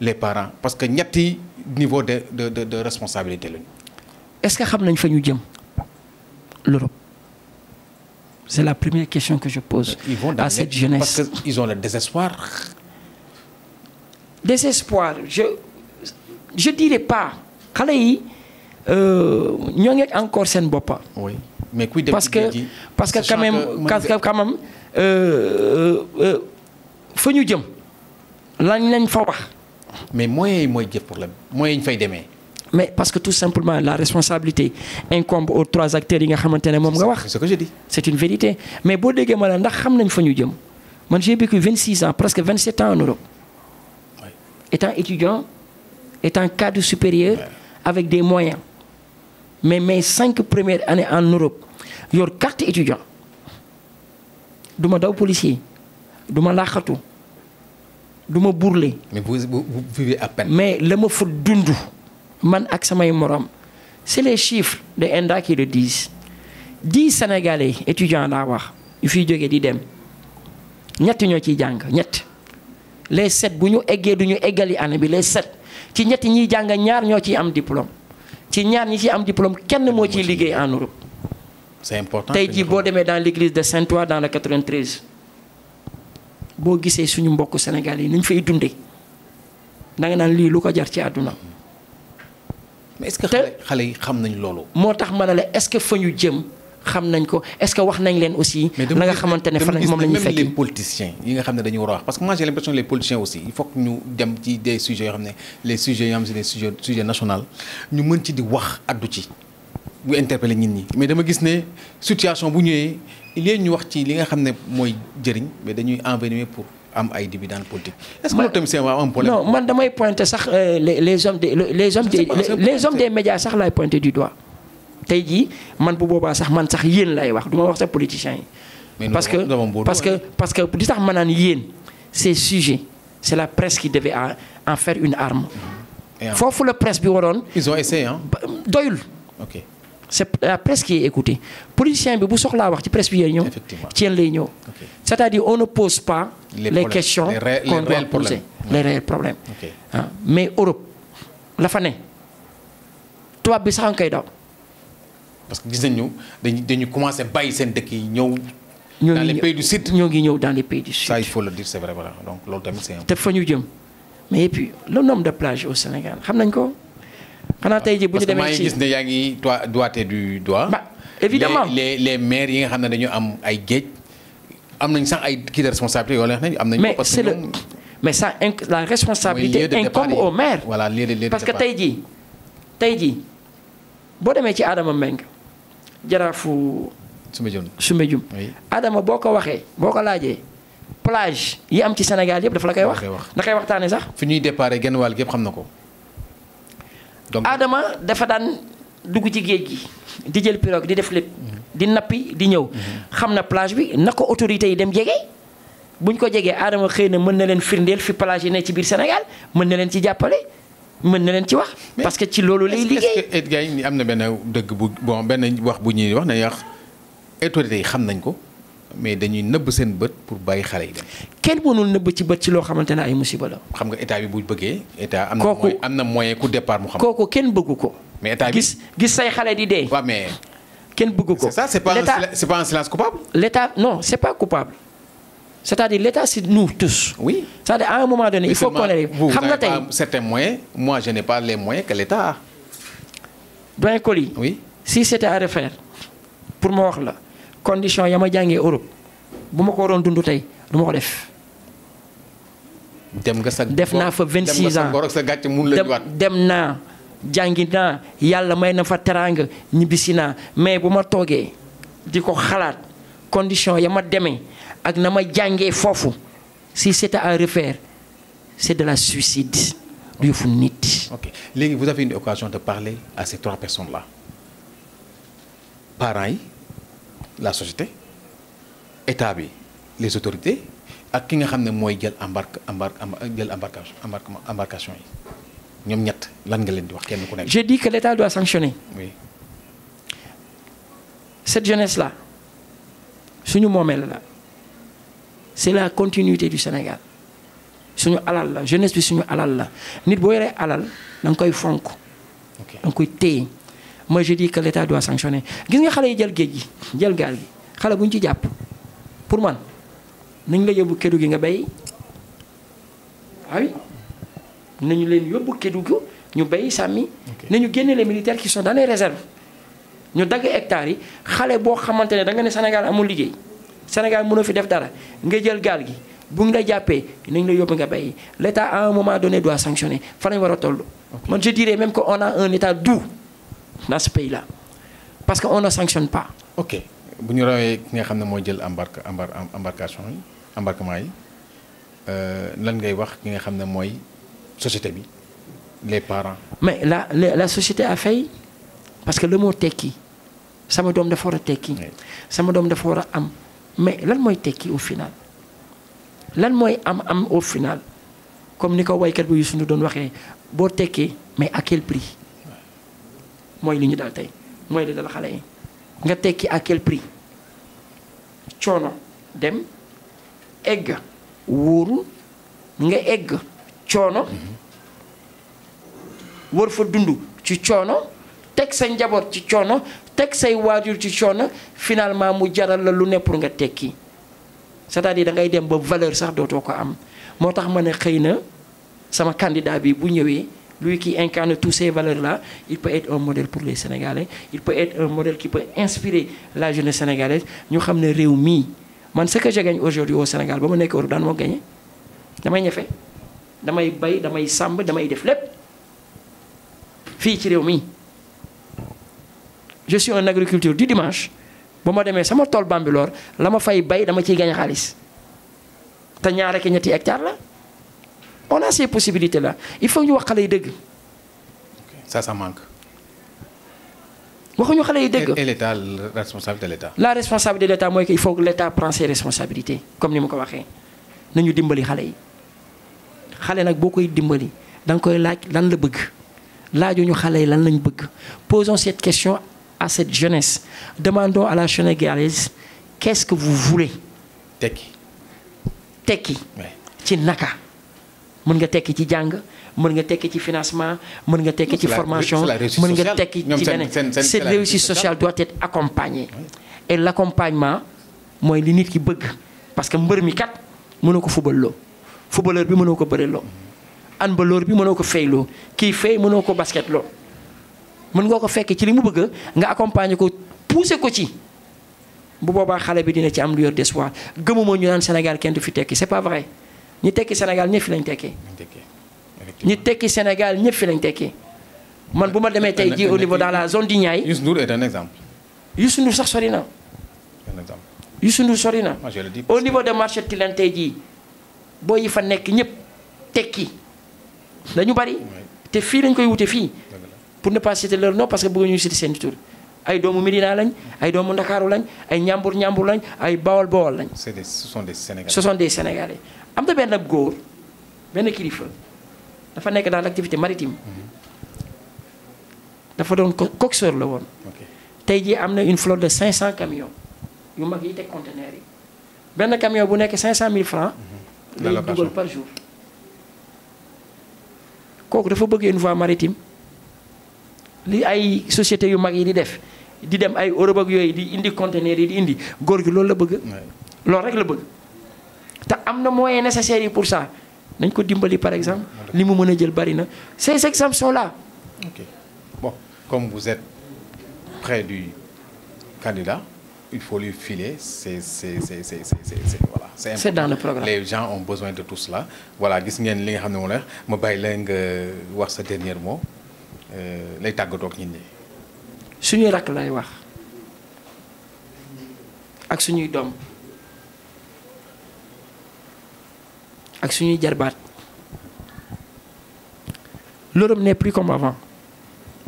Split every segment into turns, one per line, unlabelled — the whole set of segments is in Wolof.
les parents parce qu'il ñetti a de de de de responsabilité
est-ce que xam nañ fa ñu l'Europe c'est la première question que je pose.
à cette jeunesse parce qu'ils ils ont le désespoir.
désespoir je je dirais pas xale yi nous euh, ngi encore bon pas. oui mais kuy dem parce que parce que quand même parce que quand même fa ñu jëm lañ lañ fa mais moi, moi j'ai problème moi une feuille de main. mais parce que tout simplement la responsabilité incombe aux trois acteurs nga mom nga wax. c'est ce que j'ai dit. c'est une vérité mais si dégué ma ndax xam nañ fa ñu man j'ai vécu 26 ans presque 27 ans en Europe. étant étudiant étant cadre supérieur. avec des moyens mais mes cinq premières années en Europe yor carte étudiant du ma daw policier du ma tout du me mais vous, vivez à peine. mais le mot fa man ak c'est les chiffres de Enda qui le disent 10 sénégalais étudiants à Ils ont di dem les sept Ils les sept ci Ils am diplôme ci ñaar am diplôme en Europe. c'est important dans l'église de Saint-Ouen dans le 93 boo gisee suñu mbokk sénégalais niñ fay dundé da nga naan li lu ko jar ci aduna mais est-ce que xalé yi xam nañ lolu motax manalé est-ce que fañu jëm xam nañ ko est-ce que wax nañ leen aussi. la nga xamantene ne fan moom la ñuy même les
politiciens yi nga xam dañu wax parce que moi j'ai l'impression les politiciens aussi il faut que ñu dem ci des sujets yo xam les sujets yoo xam ne les sujets sujets national ñu mën ci di wax addu ci bu interpeller nit ñi mais dama gis ne situation bu ñëwee il y ñu wax ci li nga xam ne mooy jëriñ mais dañuy envenimer pour am ay dividendes politiques est-ce que loolu tamit c'est un problème. non
man damay pointer sax euh, les les hommes des les hommes des médias sax laay pointer du doigt. tey jii man bu boobaa sax man sax yeen lay wax duma wax sax politiciens parce que parce que parce que li tax ma yeen yéen ces sujets c'est la presse qui devait en faire une arme. fofu le presse bi waron ils ont essayé hein doyul. ok c'est la presse qui est écoutée politicien bi bu soxlaa wax ci presse bi yee ñëw. ci là, cest à dire on ne pose pas. les, questions qu'on ré, poser les réels problèmes. Ah, mais Europe la fin tu tu bi sax nga koy daw.
parce que gis nañu dañu commençons commencé à baisser qui dans
les pays du sud dans les pays du sud. ça il faut le dire c'est vrai voilà donc mais et puis le nombre de plages au Sénégal xam nañ xanaa tey jii bu ñu demee ci parce que gis
ne yaa ngi doigté du doigt. bah évidemment les les maires yi nga xam ne dañu am ay géej am nañ sax ay kii de responsabilité yoo xam ne am nañu. parce que mais ça la responsabilité incombe au
maire. voilà lieu de parce que tey jii tey jii boo demee ci Adama Mbengue jaraafu. Soumbédioune Soumbédioune. Adama boo ko waxee boo ko laajee. plage yi am ci Sénégal yëpp dafa la koy wax. da koy waxtaanee sax.
fi ñuy déparé
genn wàll gépp xam na ko. donc Adama dafa daan dugg ci géej gi di jël pirogue di def lépp. di nappi di ñëw. Mhm. xam na plage bi na ko autorités yi dem jege. buñ ko jegee Adama xëy na mën na leen firndeel fi plage yi ne ci biir Sénégal mën na leen ci jàppale. mën na leen ci wax parce que ci loolu lay liggéey
est am na benn dëgg bu bon benn wax bu ñuy wax na yàq autorités yi xam nañ ko. mais dañuy neub sen beut pour bay xalé yi dem. kenn mënul nëbb ci beut ci lo xamante ay musiba la. xam nga état bi bu bëggee. état amna na moyen moyen ku départ mu xam. kenn mais état bi gis gis say xalé di
dé wa mais. kenn bëggu c'est ça c'est pas c'est pas un silence coupable. l'état non c'est pas coupable. c'est-à-dire l'état c'est nous tous. oui c'est-à-dire à un moment donné. il faut qu'on arrive xam nga vous n'avez pas
certains moi je n'ai pas les moyens que l'état a. doyen Coly. oui
si c'était à refaire pour moi là condition Yama jangé Europe buma ko waroon dund tay du ko def. dem nga sa def na fa 26 ans dem na may na fa teranga mais buma togué diko di condition Yama démé ak nama jangé fofu si c'était à refaire c'est de la suicide du yëfu nit. ok légui vous avez une occasion de parler à ces trois personnes là
parents la société l'État, les autorités et qui nga ne embarque embarque embarcations. embarcation
embarcation j'ai dit que l'état doit sanctionner. cette jeunesse là c'est la continuité du Sénégal suñu la jeunesse bi suñu alal la nit alal da koy fonk. moi je dis que l'état doit sanctionner gis nga xale yi jël géej gi jël gaal gi xale bu ñu ci jàpp pour man nañ la yóbbu kédu gi nga béy ah nañu leen yóbbu kédu gi ñu béy sàmmi. nañu génne les militaires qui sont dans les réserves ñu dagg hectares yi xale boo xamante ne da nga ne Sénégal amul liggéey Sénégal mënoo fi def dara nga jël gaal gi bu ñu la jàppee nañ la yóbbu nga béy l'état à un moment donné doit sanctionner fa lañ war a toll. man je dirais dans ce pays-là. Parce qu'on ne sanctionne pas. Ok. Si ñu rawee ki nga xam ne jël embarque
embarcation embarquement yi euh, lan ngay wax ki société les parents.
mais la la société a failli parce que le mot teki »« sama me donne de a teki, sama me donne de a am mais lan mooy tekki au final lan mooy am am au final comme Nico ko waykat bu Youssou Ndour mais à quel prix. mooy li ñu dal tey mooy li dal xale yi nga tekki à quel prix coono dem egg wóorul nga egg coono war fa dund ci coono teg sa njaboot ci coono teg say waajur ci coono finalement mu jaral la lu ne nga tekki c'est-à-dire da ngay dem ba valeur sax dootoo ko am moo tax ma ne xëy na sama candidat bi bu ñëwee Lui qui incarne toutes ces valeurs-là, il peut être un modèle pour les Sénégalais. Il peut être un modèle qui peut inspirer la jeunesse sénégalaise. Nous sommes réunis. Moi, ce que j'ai gagné aujourd'hui au Sénégal, je suis au Rodan, je gagne. Je fait. damay bay damay sàmb damay def lépp fii ci réew mi je suis un agriculteur du dimanche ba fait, demee sama tool Bambilor la ma fay bay dama ciy gañ fait, te ñaar ak ñetti hectare la on a ces possibilités là il faut que nous xale ça ça manque. et l'état
la responsabilité de l'état.
la responsabilité de l'état il faut que l'état prenne ses responsabilités comme nous mu dit. Nous, nous dimbali xale yi gens nous sont des gens qui koy laaj la bëgg dit lan lañ posons cette question à cette jeunesse demandons à la sénégalaise qu'est-ce que vous voulez. tekki. tekki ci naka. mën nga tekki ci jàng mën nga tekki ci financement mën nga tekki ci formation mën nga tekki ci leneen cette réussite sociale doit être accompagnée et l' accompagnement mooy li nit ki bëgg parce que mbër mi kat mënoo ko fubal loo bi mënoo ko bëreel loo handballeur bi mënoo ko fay loo kii fay mënoo ko basket loo mën ngoo ko fekkee ci li mu bëgg nga accompagner ko pousser ko ci bu boobaa xale bi dina ci am lueur d'espoir gëmuma ñu naan Sénégal kenn du fi tekki c'est ni teki Sénégal ñëpp fi lañ tekkee. ñi tekki Sénégal ñëpp fi lañ tekkee. man buma démé tay ji au niveau dans la zone du Niayes. Youssou Ndour est un exemple. Youssou Ndour sax sori na. un exemple Youssou Ndour sori na. au niveau de marché Tilène tey jii boy fa nek ñëpp teki dañu bari. te fi lañ koy wute fi pour ne pas citer leur nom parce que bëgg ñu citer sen tour ay doomu Médina lañ ay doomu Ndakaaru lañ ay ñambour ñambour lañ ay bawol bawol lañ. ce sont des Sénégalais ce sont des Sénégalais am na benn góor benn kilifa dafa nekk dans l' activité maritime mhm. dafa doon coxeur la woon. tey jii am na une flotte de 500 camions yu mag yi teg conteneur. yi benn camion bu nekk 500000 francs mhm. lay dugal par jour. kooku dafa bëgg une voie maritime li ay société yu mag yi di def di dem ay Europe ak yooyu di indi conteneur yi di indi góor gi loolu la bëgg. loolu rek la bëgg. Il y a des moyens nécessaires pour ça nañ ko dimbali par exemple li mu jël ces exemples sont là. ok
bon comme vous êtes près du candidat il faut lui filer c'est c'est voilà. dans le programme les gens ont besoin de tout cela voilà je vais li nga xam ne moom la ce bàyyi la nga wax sa dernier mot euh, lay tàggatoo ak ñun ñi.
suñuy lay wax ak ak suñuy jarbat. l'Europe n'est plus comme avant.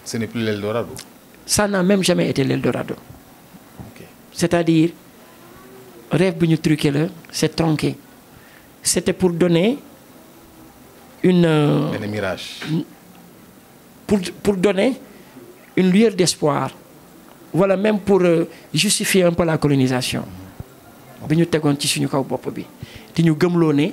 Ce n'est plus l'Eldorado.
Ça n'a même jamais été l'Eldorado. Okay. C'est-à-dire, rêve bien truqué c'est tronqué. C'était pour donner une. un euh, mirage. Pour, pour donner une lueur d'espoir. Voilà, même pour euh, justifier un peu la colonisation. Nous avons dit que nous avons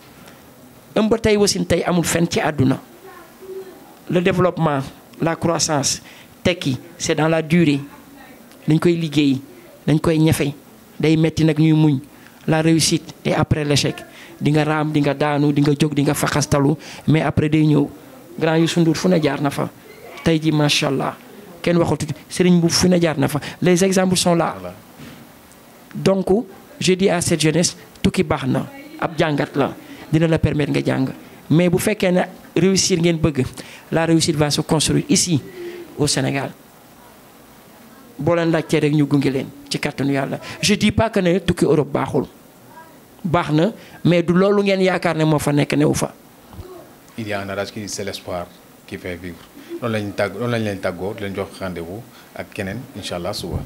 Un tey wasin tey amul fenn ci aduna le développement la croissance teki c'est dans la durée dañ koy liggéey dañ koy ñefe day metti nak ñuy muñ la réussite et après l'échec di nga ram di nga daanu di nga jog di nga faxastalu mais après day ñëw grand yu sundur fu ne jaar na fa tey ji machallah ken waxul waxatu sëriñ bu fu jaar na fa les exemples sont là donc je dis à cette jeunesse tukki baax na ab jàngat la dina la permettre nga jang mais bu fekkee ne réussir ngeen bëgg la réussite va se construire ici au Sénégal boo leen laajtee rek ñu gunge leen ci kàttanu yàlla je dis pas que né tukki Europe baxul baxna mais du lolu ngeen yaakaar ne moo fa né wu fa.
il y a un adage qui c'est l'espoir qui fait vivre non lañ tag non lañ leen taggo di leen jox rendez-vous ak keneen incha allah suba.